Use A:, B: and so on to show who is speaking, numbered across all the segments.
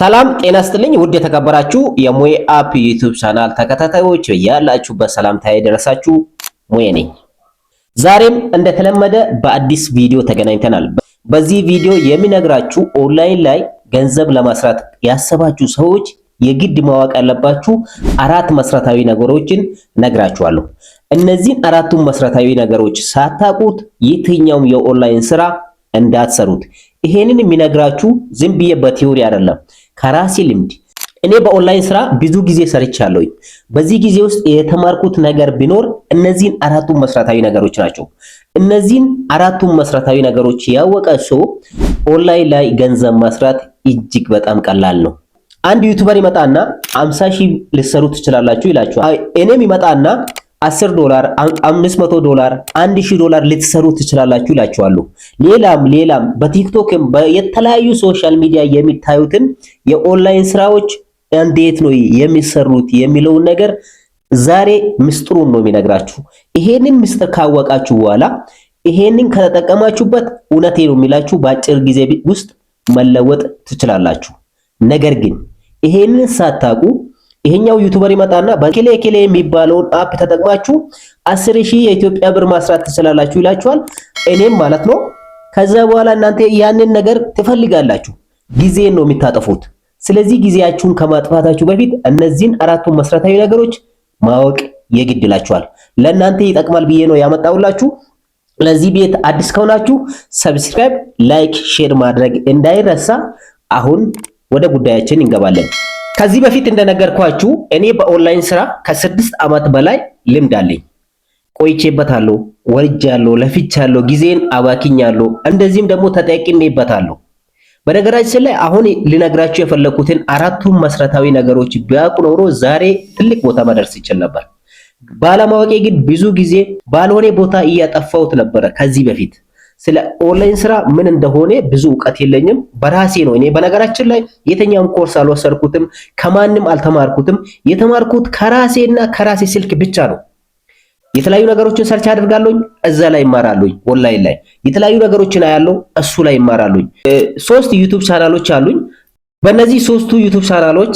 A: ሰላም ጤና ስጥልኝ። ውድ የተከበራችሁ የሙሄ አፕ ዩቲዩብ ቻናል ተከታታዮች ያላችሁበት ሰላምታ የደረሳችሁ ሙሄ ነኝ። ዛሬም እንደተለመደ በአዲስ ቪዲዮ ተገናኝተናል። በዚህ ቪዲዮ የሚነግራችሁ ኦንላይን ላይ ገንዘብ ለማስራት ያሰባችሁ ሰዎች የግድ ማወቅ ያለባችሁ አራት መሰረታዊ ነገሮችን ነግራችኋለሁ። እነዚህን አራቱን መሰረታዊ ነገሮች ሳታቁት የትኛውም የኦንላይን ስራ እንዳትሰሩት። ይሄንን የሚነግራችሁ ዝም ብዬ በቲዮሪ አይደለም ከራሴ ልምድ እኔ በኦንላይን ስራ ብዙ ጊዜ ሰርቻለሁ። በዚህ ጊዜ ውስጥ የተማርኩት ነገር ቢኖር እነዚህን አራቱ መሰረታዊ ነገሮች ናቸው። እነዚህን አራቱ መሰረታዊ ነገሮች ያወቀ ሰው ኦንላይን ላይ ገንዘብ መስራት እጅግ በጣም ቀላል ነው። አንድ ዩቲዩበር ይመጣና 50 ሺህ ልሰሩ ትችላላችሁ ይላችኋል። እኔም ይመጣና 10 ዶላር 500 ዶላር 1000 ዶላር ልትሰሩ ትችላላችሁ ይላችኋሉ። ሌላም ሌላም በቲክቶክም የተለያዩ ሶሻል ሚዲያ የሚታዩትን የኦንላይን ስራዎች እንዴት ነው የሚሰሩት የሚለውን ነገር ዛሬ ምስጢሩን ነው የሚነግራችሁ። ይሄንን ምስጢር ካወቃችሁ በኋላ ይሄንን ከተጠቀማችሁበት እውነቴ ነው የሚላችሁ በአጭር ጊዜ ውስጥ መለወጥ ትችላላችሁ። ነገር ግን ይሄንን ሳታውቁ ይሄኛው ዩቲዩበር ይመጣና በኬሌ ኬሌ የሚባለውን አፕ ተጠቅማችሁ አስር ሺህ የኢትዮጵያ ብር ማስራት ትችላላችሁ ይላችኋል። እኔም ማለት ነው። ከዛ በኋላ እናንተ ያንን ነገር ትፈልጋላችሁ። ጊዜን ነው የሚታጠፉት። ስለዚህ ጊዜያችሁን ከማጥፋታችሁ በፊት እነዚህን አራቱን መሰረታዊ ነገሮች ማወቅ የግድ ለእናንተ ይጠቅማል ብዬ ነው ያመጣውላችሁ ለዚህ ቤት አዲስ ከሆናችሁ ሰብስክራይብ፣ ላይክ፣ ሼር ማድረግ እንዳይረሳ። አሁን ወደ ጉዳያችን እንገባለን። ከዚህ በፊት እንደነገርኳችሁ እኔ በኦንላይን ስራ ከስድስት ዓመት በላይ ልምድ አለኝ። ቆይቼበታለሁ፣ ወርጃለሁ፣ ለፍቻለሁ፣ ጊዜን አባክኛለሁ፣ እንደዚህም ደግሞ ተጠቅሜበታለሁ። በነገራችን ላይ አሁን ልነግራችሁ የፈለኩትን አራቱም መሰረታዊ ነገሮች ቢያውቁ ኖሮ ዛሬ ትልቅ ቦታ መድረስ ይችል ነበር። ባለማወቄ ግን ብዙ ጊዜ ባልሆነ ቦታ እያጠፋሁት ነበረ ከዚህ በፊት ስለ ኦንላይን ስራ ምን እንደሆነ ብዙ እውቀት የለኝም። በራሴ ነው። እኔ በነገራችን ላይ የተኛም ኮርስ አልወሰድኩትም፣ ከማንም አልተማርኩትም። የተማርኩት ከራሴና ከራሴ ስልክ ብቻ ነው። የተለያዩ ነገሮችን ሰርች አደርጋለሁኝ፣ እዛ ላይ ይማራሉኝ። ኦንላይን ላይ የተለያዩ ነገሮችን አያለው፣ እሱ ላይ ይማራሉኝ። ሶስት ዩቱብ ቻናሎች አሉኝ። በእነዚህ ሶስቱ ዩቱብ ቻናሎች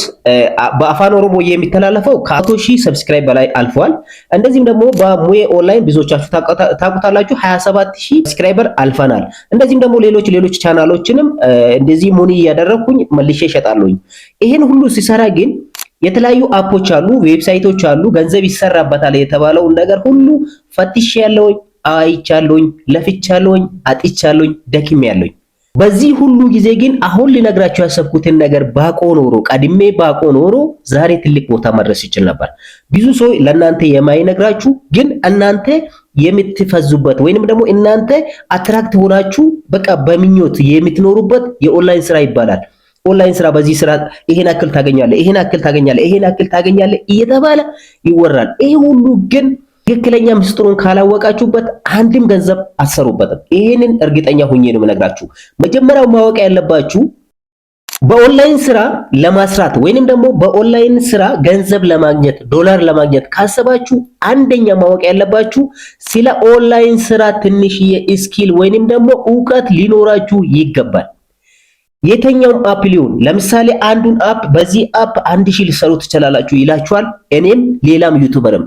A: በአፋን ኦሮሞ የሚተላለፈው ከአቶ ሺህ ሰብስክራይብ በላይ አልፏል። እንደዚህም ደግሞ በሙዬ ኦንላይን ብዙዎቻችሁ ታውቁታላችሁ 27 ሺህ ሰብስክራይበር አልፈናል። እንደዚህም ደግሞ ሌሎች ሌሎች ቻናሎችንም እንደዚህ ሙኒ እያደረግኩኝ መልሼ እሸጣለሁኝ። ይህን ሁሉ ሲሰራ ግን የተለያዩ አፖች አሉ፣ ዌብሳይቶች አሉ፣ ገንዘብ ይሰራበታል የተባለውን ነገር ሁሉ ፈትሼ ያለውኝ አይቻለሁኝ፣ ለፍቻለሁኝ፣ አጥቻለሁኝ፣ ደክሜ ያለውኝ። በዚህ ሁሉ ጊዜ ግን አሁን ልነግራቸው ያሰብኩትን ነገር ባቆ ኖሮ ቀድሜ ባቆ ኖሮ ዛሬ ትልቅ ቦታ መድረስ ይችል ነበር። ብዙ ሰው ለእናንተ የማይነግራችሁ ግን እናንተ የምትፈዙበት ወይንም ደግሞ እናንተ አትራክት ሆናችሁ በቃ በምኞት የምትኖሩበት የኦንላይን ስራ ይባላል። ኦንላይን ስራ በዚህ ስራ ይሄን አክል ታገኛለህ፣ ይሄን አክል ታገኛለህ፣ ይሄን አክል ታገኛለህ እየተባለ ይወራል። ይሄ ሁሉ ግን ትክክለኛ ምስጢሩን ካላወቃችሁበት አንድም ገንዘብ አሰሩበትም ይህንን እርግጠኛ ሁኜ ነው የምነግራችሁ። መጀመሪያው ማወቅ ያለባችሁ በኦንላይን ስራ ለማስራት ወይንም ደግሞ በኦንላይን ስራ ገንዘብ ለማግኘት ዶላር ለማግኘት ካሰባችሁ አንደኛ ማወቅ ያለባችሁ ስለ ኦንላይን ስራ ትንሽዬ ስኪል ወይንም ደግሞ እውቀት ሊኖራችሁ ይገባል። የተኛውም አፕ ሊሆን ለምሳሌ አንዱን አፕ በዚህ አፕ አንድ ሺህ ልሰሩ ትችላላችሁ ይላችኋል። እኔም ሌላም ዩቱበርም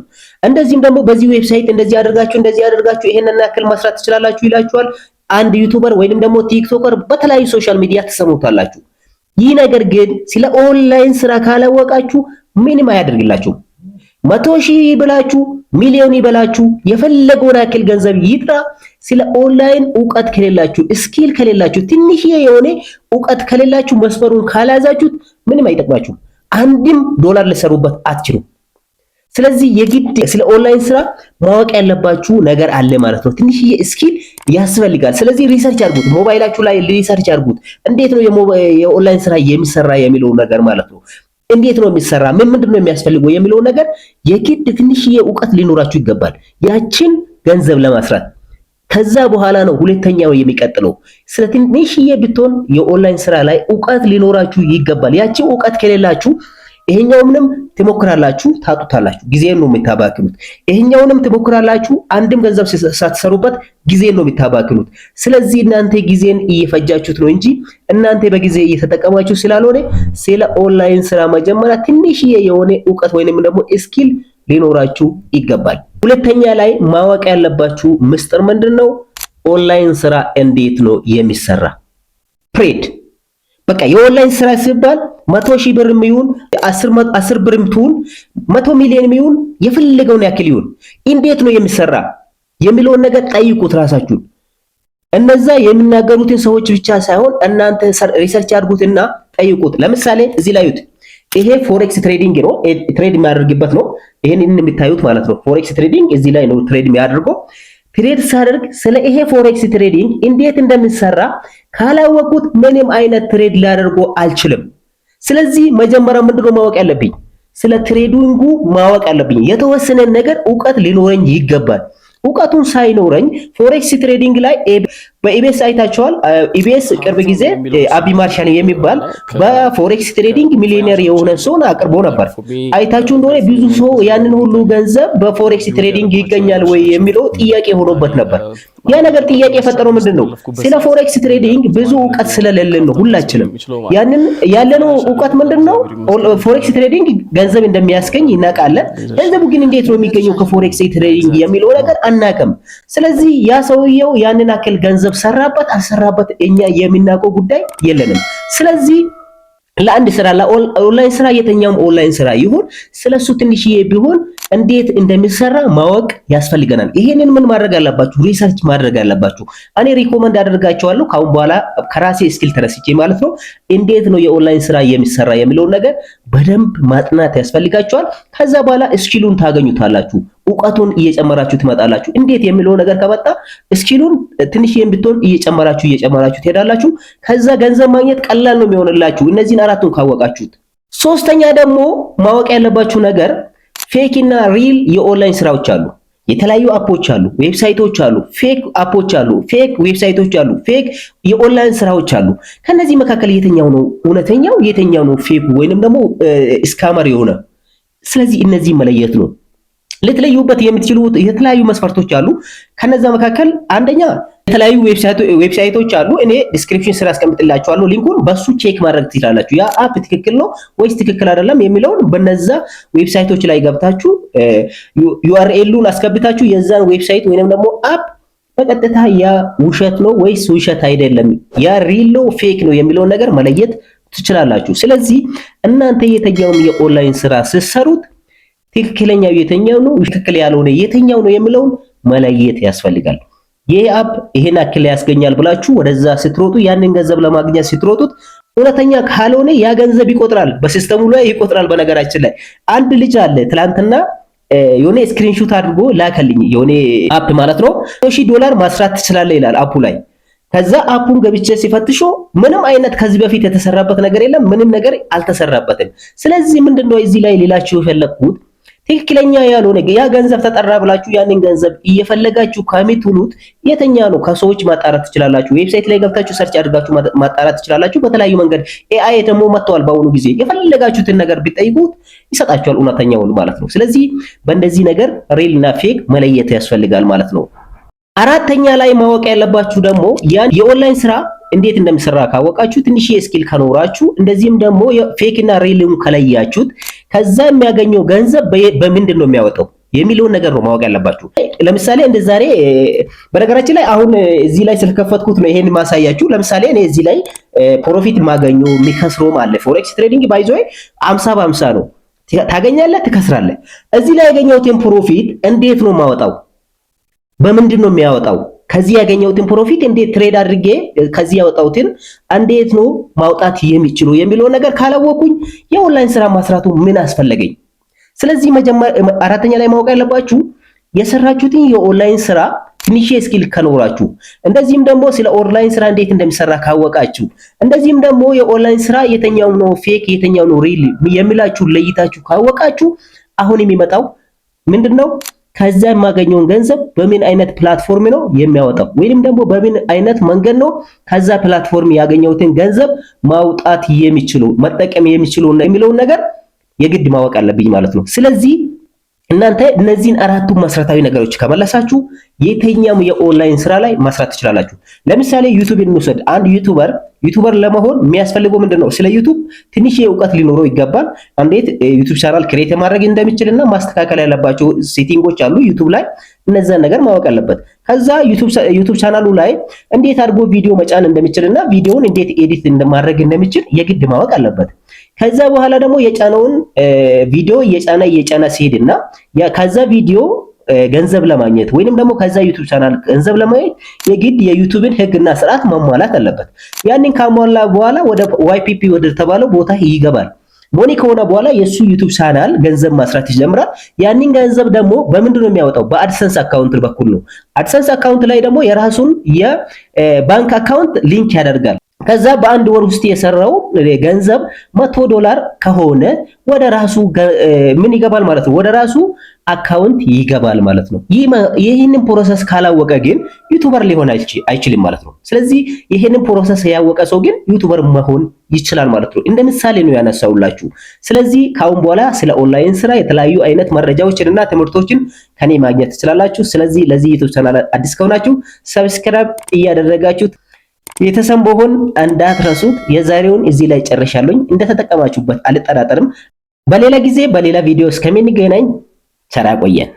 A: እንደዚህም ደግሞ በዚህ ዌብሳይት እንደዚህ አድርጋችሁ እንደዚህ አድርጋችሁ ይሄንን ያክል መስራት ትችላላችሁ ይላችኋል። አንድ ዩቱበር ወይንም ደግሞ ቲክቶከር በተለያዩ ሶሻል ሚዲያ ትሰሙታላችሁ። ይህ ነገር ግን ስለ ኦንላይን ስራ ካላወቃችሁ ምንም አያደርግላችሁም። መቶ ሺህ ይብላችሁ ሚሊዮን ይበላችሁ የፈለገውን ያክል ገንዘብ ይጥራ፣ ስለ ኦንላይን እውቀት ከሌላችሁ ስኪል ከሌላችሁ ትንሽዬ የሆነ እውቀት ከሌላችሁ መስመሩን ካላያዛችሁት ምንም አይጠቅማችሁም። አንድም ዶላር ልሰሩበት አትችሉም። ስለዚህ የግድ ስለ ኦንላይን ስራ ማወቅ ያለባችሁ ነገር አለ ማለት ነው። ትንሽዬ ስኪል ያስፈልጋል። ስለዚህ ሪሰርች አድርጉት፣ ሞባይላችሁ ላይ ሪሰርች አድርጉት። እንዴት ነው የኦንላይን ስራ የሚሰራ የሚለው ነገር ማለት ነው። እንዴት ነው የሚሰራ፣ ምን ምንድን ነው የሚያስፈልገው የሚለው ነገር የግድ ትንሽዬ እውቀት ሊኖራችሁ ይገባል፣ ያችን ገንዘብ ለማስራት ከዛ በኋላ ነው ሁለተኛው የሚቀጥለው። ስለ ትንሽዬ ብትሆን የኦንላይን ስራ ላይ እውቀት ሊኖራችሁ ይገባል። ያቺ እውቀት ከሌላችሁ ይሄኛው ምንም ትሞክራላችሁ፣ ታጡታላችሁ። ጊዜን ነው የምታባክኑት። ይሄኛውንም ትሞክራላችሁ፣ አንድም ገንዘብ ሳትሰሩበት ጊዜን ነው የምታባክኑት። ስለዚህ እናንተ ጊዜን እየፈጃችሁት ነው እንጂ እናንተ በጊዜ እየተጠቀማችሁ ስላልሆነ ስለ ኦንላይን ስራ መጀመሪያ ትንሽዬ የሆነ እውቀት ወይንም ደግሞ ስኪል ሊኖራችሁ ይገባል። ሁለተኛ ላይ ማወቅ ያለባችሁ ምስጢር ምንድን ነው? ኦንላይን ስራ እንዴት ነው የሚሰራ? ፕሬድ በቃ የኦንላይን ስራ ሲባል መቶ ሺህ ብር የሚሆን አስር ብር የሚሆን መቶ ሚሊዮን የሚሆን የፈለገውን ያክል ይሁን እንዴት ነው የሚሰራ የሚለውን ነገር ጠይቁት ራሳችሁን። እነዛ የሚናገሩትን ሰዎች ብቻ ሳይሆን እናንተ ሪሰርች አድርጉትና ጠይቁት። ለምሳሌ እዚህ ላዩት ይሄ ፎሬክስ ትሬዲንግ ነው፣ ትሬድ የሚያደርግበት ነው። ይሄን የሚታዩት ማለት ነው። ፎሬክስ ትሬዲንግ እዚህ ላይ ነው ትሬድ የሚያደርገው ትሬድ ሳደርግ ስለ ይሄ ፎሬክስ ትሬዲንግ እንዴት እንደሚሰራ ካላወቁት ምንም አይነት ትሬድ ላደርጎ አልችልም። ስለዚህ መጀመሪያ ምንድነው ማወቅ ያለብኝ? ስለ ትሬዲንጉ ማወቅ ያለብኝ የተወሰነ ነገር እውቀት ሊኖረኝ ይገባል። እውቀቱን ሳይኖረኝ ፎሬክስ ትሬዲንግ ላይ በኢቢኤስ አይታቸዋል። ኢቢኤስ ቅርብ ጊዜ አቢ ማርሻን የሚባል በፎሬክስ ትሬዲንግ ሚሊዮነር የሆነ ሰውን አቅርቦ ነበር። አይታችሁ እንደሆነ ብዙ ሰው ያንን ሁሉ ገንዘብ በፎሬክስ ትሬዲንግ ይገኛል ወይ የሚለው ጥያቄ ሆኖበት ነበር። ያ ነገር ጥያቄ የፈጠረው ምንድን ነው? ስለ ፎሬክስ ትሬዲንግ ብዙ እውቀት ስለሌለን ነው ሁላችንም። ያንን ያለነው እውቀት ምንድን ነው? ፎሬክስ ትሬዲንግ ገንዘብ እንደሚያስገኝ እናውቃለን። ገንዘቡ ግን እንዴት ነው የሚገኘው ከፎሬክስ ትሬዲንግ የሚለው ነገር አናውቅም። ስለዚህ ያ ሰውየው ያንን አክል ገንዘብ ገንዘብ ሰራበት አልሰራበት እኛ የምናውቀው ጉዳይ የለንም። ስለዚህ ለአንድ ስራ ኦንላይን ስራ የተኛውም ኦንላይን ስራ ይሁን ስለሱ ትንሽዬ ቢሆን እንዴት እንደሚሰራ ማወቅ ያስፈልገናል። ይሄንን ምን ማድረግ አለባችሁ? ሪሰርች ማድረግ አለባችሁ። እኔ ሪኮመንድ አደርጋቸዋለሁ ካሁን በኋላ ከራሴ ስኪል ተነስቼ ማለት ነው። እንዴት ነው የኦንላይን ስራ የሚሰራ የሚለውን ነገር በደንብ ማጥናት ያስፈልጋቸዋል። ከዛ በኋላ ስኪሉን ታገኙታላችሁ። እውቀቱን እየጨመራችሁ ትመጣላችሁ። እንዴት የሚለው ነገር ከመጣ ስኪሉን ትንሽ ብትሆን እየጨመራችሁ እየጨመራችሁ ትሄዳላችሁ። ከዛ ገንዘብ ማግኘት ቀላል ነው የሚሆንላችሁ እነዚህን አራቱን ካወቃችሁት። ሶስተኛ ደግሞ ማወቅ ያለባችሁ ነገር ፌክ እና ሪል የኦንላይን ስራዎች አሉ። የተለያዩ አፖች አሉ፣ ዌብሳይቶች አሉ፣ ፌክ አፖች አሉ፣ ፌክ ዌብሳይቶች አሉ፣ ፌክ የኦንላይን ስራዎች አሉ። ከነዚህ መካከል የተኛው ነው እውነተኛው፣ የትኛው ነው ፌክ ወይንም ደግሞ ስካመር የሆነ? ስለዚህ እነዚህ መለየት ነው። ልትለዩበት የምትችሉት የተለያዩ መስፈርቶች አሉ። ከነዛ መካከል አንደኛ የተለያዩ ዌብሳይቶች አሉ። እኔ ዲስክሪፕሽን ስራ አስቀምጥላችኋለሁ ሊንኩን፣ በሱ ቼክ ማድረግ ትችላላችሁ። ያ አፕ ትክክል ነው ወይስ ትክክል አይደለም የሚለውን በነዛ ዌብሳይቶች ላይ ገብታችሁ ዩአርኤሉን አስገብታችሁ የዛን ዌብሳይት ወይንም ደግሞ አፕ በቀጥታ ያ ውሸት ነው ወይስ ውሸት አይደለም፣ ያ ሪል ነው ፌክ ነው የሚለውን ነገር መለየት ትችላላችሁ። ስለዚህ እናንተ የተኛውን የኦንላይን ስራ ስትሰሩት ትክክለኛው የተኛው ነው፣ ትክክል ያልሆነ የተኛው ነው የሚለውን መለየት ያስፈልጋል። ይሄ አፕ ይሄን አክል ያስገኛል ብላችሁ ወደዛ ስትሮጡ ያንን ገንዘብ ለማግኘት ስትሮጡት እውነተኛ ካልሆነ ያ ገንዘብ ይቆጥራል፣ በሲስተሙ ላይ ይቆጥራል። በነገራችን ላይ አንድ ልጅ አለ ትላንትና የሆነ ስክሪንሹት አድርጎ ላከልኝ። የሆነ አፕ ማለት ነው ሺ ዶላር ማስራት ትችላለህ ይላል አፑ ላይ። ከዛ አፑን ገብቼ ሲፈትሾ ምንም አይነት ከዚህ በፊት የተሰራበት ነገር የለም፣ ምንም ነገር አልተሰራበትም። ስለዚህ ምንድነው እዚህ ላይ ሌላችሁ የፈለግኩት ትክክለኛ ያልሆነ ያ ገንዘብ ተጠራ ብላችሁ ያንን ገንዘብ እየፈለጋችሁ ከምትውሉት የተኛ ነው ከሰዎች ማጣራት ትችላላችሁ። ዌብሳይት ላይ ገብታችሁ ሰርች አድርጋችሁ ማጣራት ትችላላችሁ። በተለያዩ መንገድ ኤአይ ደግሞ መጥተዋል። በአሁኑ ጊዜ የፈለጋችሁትን ነገር ቢጠይቁት ይሰጣችኋል፣ እውነተኛውን ማለት ነው። ስለዚህ በእንደዚህ ነገር ሪል እና ፌክ መለየት ያስፈልጋል ማለት ነው። አራተኛ ላይ ማወቅ ያለባችሁ ደግሞ ያን የኦንላይን ስራ እንዴት እንደሚሰራ ካወቃችሁ፣ ትንሽ ስኪል ከኖራችሁ፣ እንደዚህም ደግሞ ፌክ እና ሪልም ከለያችሁት ከዛ የሚያገኘው ገንዘብ በምንድን ነው የሚያወጣው የሚለውን ነገር ነው ማወቅ ያለባችሁ። ለምሳሌ እንደ ዛሬ በነገራችን ላይ አሁን እዚህ ላይ ስለከፈትኩት ነው ይሄን ማሳያችሁ። ለምሳሌ እኔ እዚህ ላይ ፕሮፊት የማገኘው የሚከስረውም አለ። ፎሬክስ ትሬዲንግ ባይዞ አምሳ በአምሳ በ50 ነው። ታገኛለህ፣ ትከስራለህ። እዚህ ላይ ያገኘሁትን ፕሮፊት እንዴት ነው የማወጣው? በምንድን ነው የሚያወጣው? ከዚህ ያገኘሁትን ፕሮፊት እንዴት ትሬድ አድርጌ ከዚህ ያወጣሁትን እንዴት ነው ማውጣት የሚችሉ የሚለው ነገር ካላወቁኝ የኦንላይን ስራ ማስራቱ ምን አስፈለገኝ? ስለዚህ መጀመሪያ አራተኛ ላይ ማወቅ ያለባችሁ የሰራችሁትን የኦንላይን ስራ ትንሽ ስኪል ከኖራችሁ፣ እንደዚህም ደግሞ ስለ ኦንላይን ስራ እንዴት እንደሚሰራ ካወቃችሁ፣ እንደዚህም ደግሞ የኦንላይን ስራ የተኛው ነው ፌክ የተኛው ነው ሪል የሚላችሁ ለይታችሁ ካወቃችሁ አሁን የሚመጣው ምንድነው ከዛ የማገኘውን ገንዘብ በምን አይነት ፕላትፎርም ነው የሚያወጣው፣ ወይንም ደግሞ በምን አይነት መንገድ ነው ከዛ ፕላትፎርም ያገኘውትን ገንዘብ ማውጣት የሚችሉ መጠቀም የሚችሉ የሚለውን ነገር የግድ ማወቅ አለብኝ ማለት ነው። ስለዚህ እናንተ እነዚህን አራቱን መሰረታዊ ነገሮች ከመለሳችሁ የትኛውም የኦንላይን ስራ ላይ መስራት ትችላላችሁ። ለምሳሌ ዩቱብ እንውሰድ። አንድ ዩቱበር ዩቱበር ለመሆን የሚያስፈልገው ምንድነው? ስለ ዩቱብ ትንሽ እውቀት ሊኖረው ይገባል። እንዴት ዩቱብ ቻናል ክሬት ማድረግ እንደሚችልና ማስተካከል ያለባቸው ሴቲንጎች አሉ ዩቱብ ላይ እነዛን ነገር ማወቅ አለበት። ከዛ ዩቱብ ቻናሉ ላይ እንዴት አድርጎ ቪዲዮ መጫን እንደሚችልና ቪዲዮውን እንዴት ኤዲት ማድረግ እንደሚችል የግድ ማወቅ አለበት። ከዛ በኋላ ደግሞ የጫነውን ቪዲዮ እየጫነ እየጫነ ሲሄድና ከዛ ቪዲዮ ገንዘብ ለማግኘት ወይንም ደግሞ ከዛ ዩቲዩብ ቻናል ገንዘብ ለማግኘት የግድ የዩቲዩብን ህግና ስርዓት ማሟላት አለበት። ያንን ካሟላ በኋላ ወደ ዋይፒፒ ወደ ተባለው ቦታ ይገባል። ሞኒ ከሆነ በኋላ የሱ ዩቲዩብ ቻናል ገንዘብ ማስራት ይጀምራል። ያንን ገንዘብ ደግሞ በምንድነው ነው የሚያወጣው? በአድሰንስ አካውንት በኩል ነው። አድሰንስ አካውንት ላይ ደግሞ የራሱን የባንክ አካውንት ሊንክ ያደርጋል። ከዛ በአንድ ወር ውስጥ የሰራው ገንዘብ መቶ ዶላር ከሆነ ወደ ራሱ ምን ይገባል ማለት ነው፣ ወደ ራሱ አካውንት ይገባል ማለት ነው። ይህንን ፕሮሰስ ካላወቀ ግን ዩቱበር ሊሆን አይችልም ማለት ነው። ስለዚህ ይህንን ፕሮሰስ ያወቀ ሰው ግን ዩቱበር መሆን ይችላል ማለት ነው። እንደ ምሳሌ ነው ያነሳውላችሁ። ስለዚህ ከአሁን በኋላ ስለ ኦንላይን ስራ የተለያዩ አይነት መረጃዎችን እና ትምህርቶችን ከኔ ማግኘት ትችላላችሁ። ስለዚህ ለዚህ ዩቱብ ቻናል አዲስ ከሆናችሁ ሰብስክራይብ እያደረጋችሁ የተሰንቦውን እንዳትረሱት። የዛሬውን እዚህ ላይ ጨርሻለሁኝ። እንደተጠቀማችሁበት አልጠራጠርም። በሌላ ጊዜ በሌላ ቪዲዮ እስከምንገናኝ ሰራ ቆየን።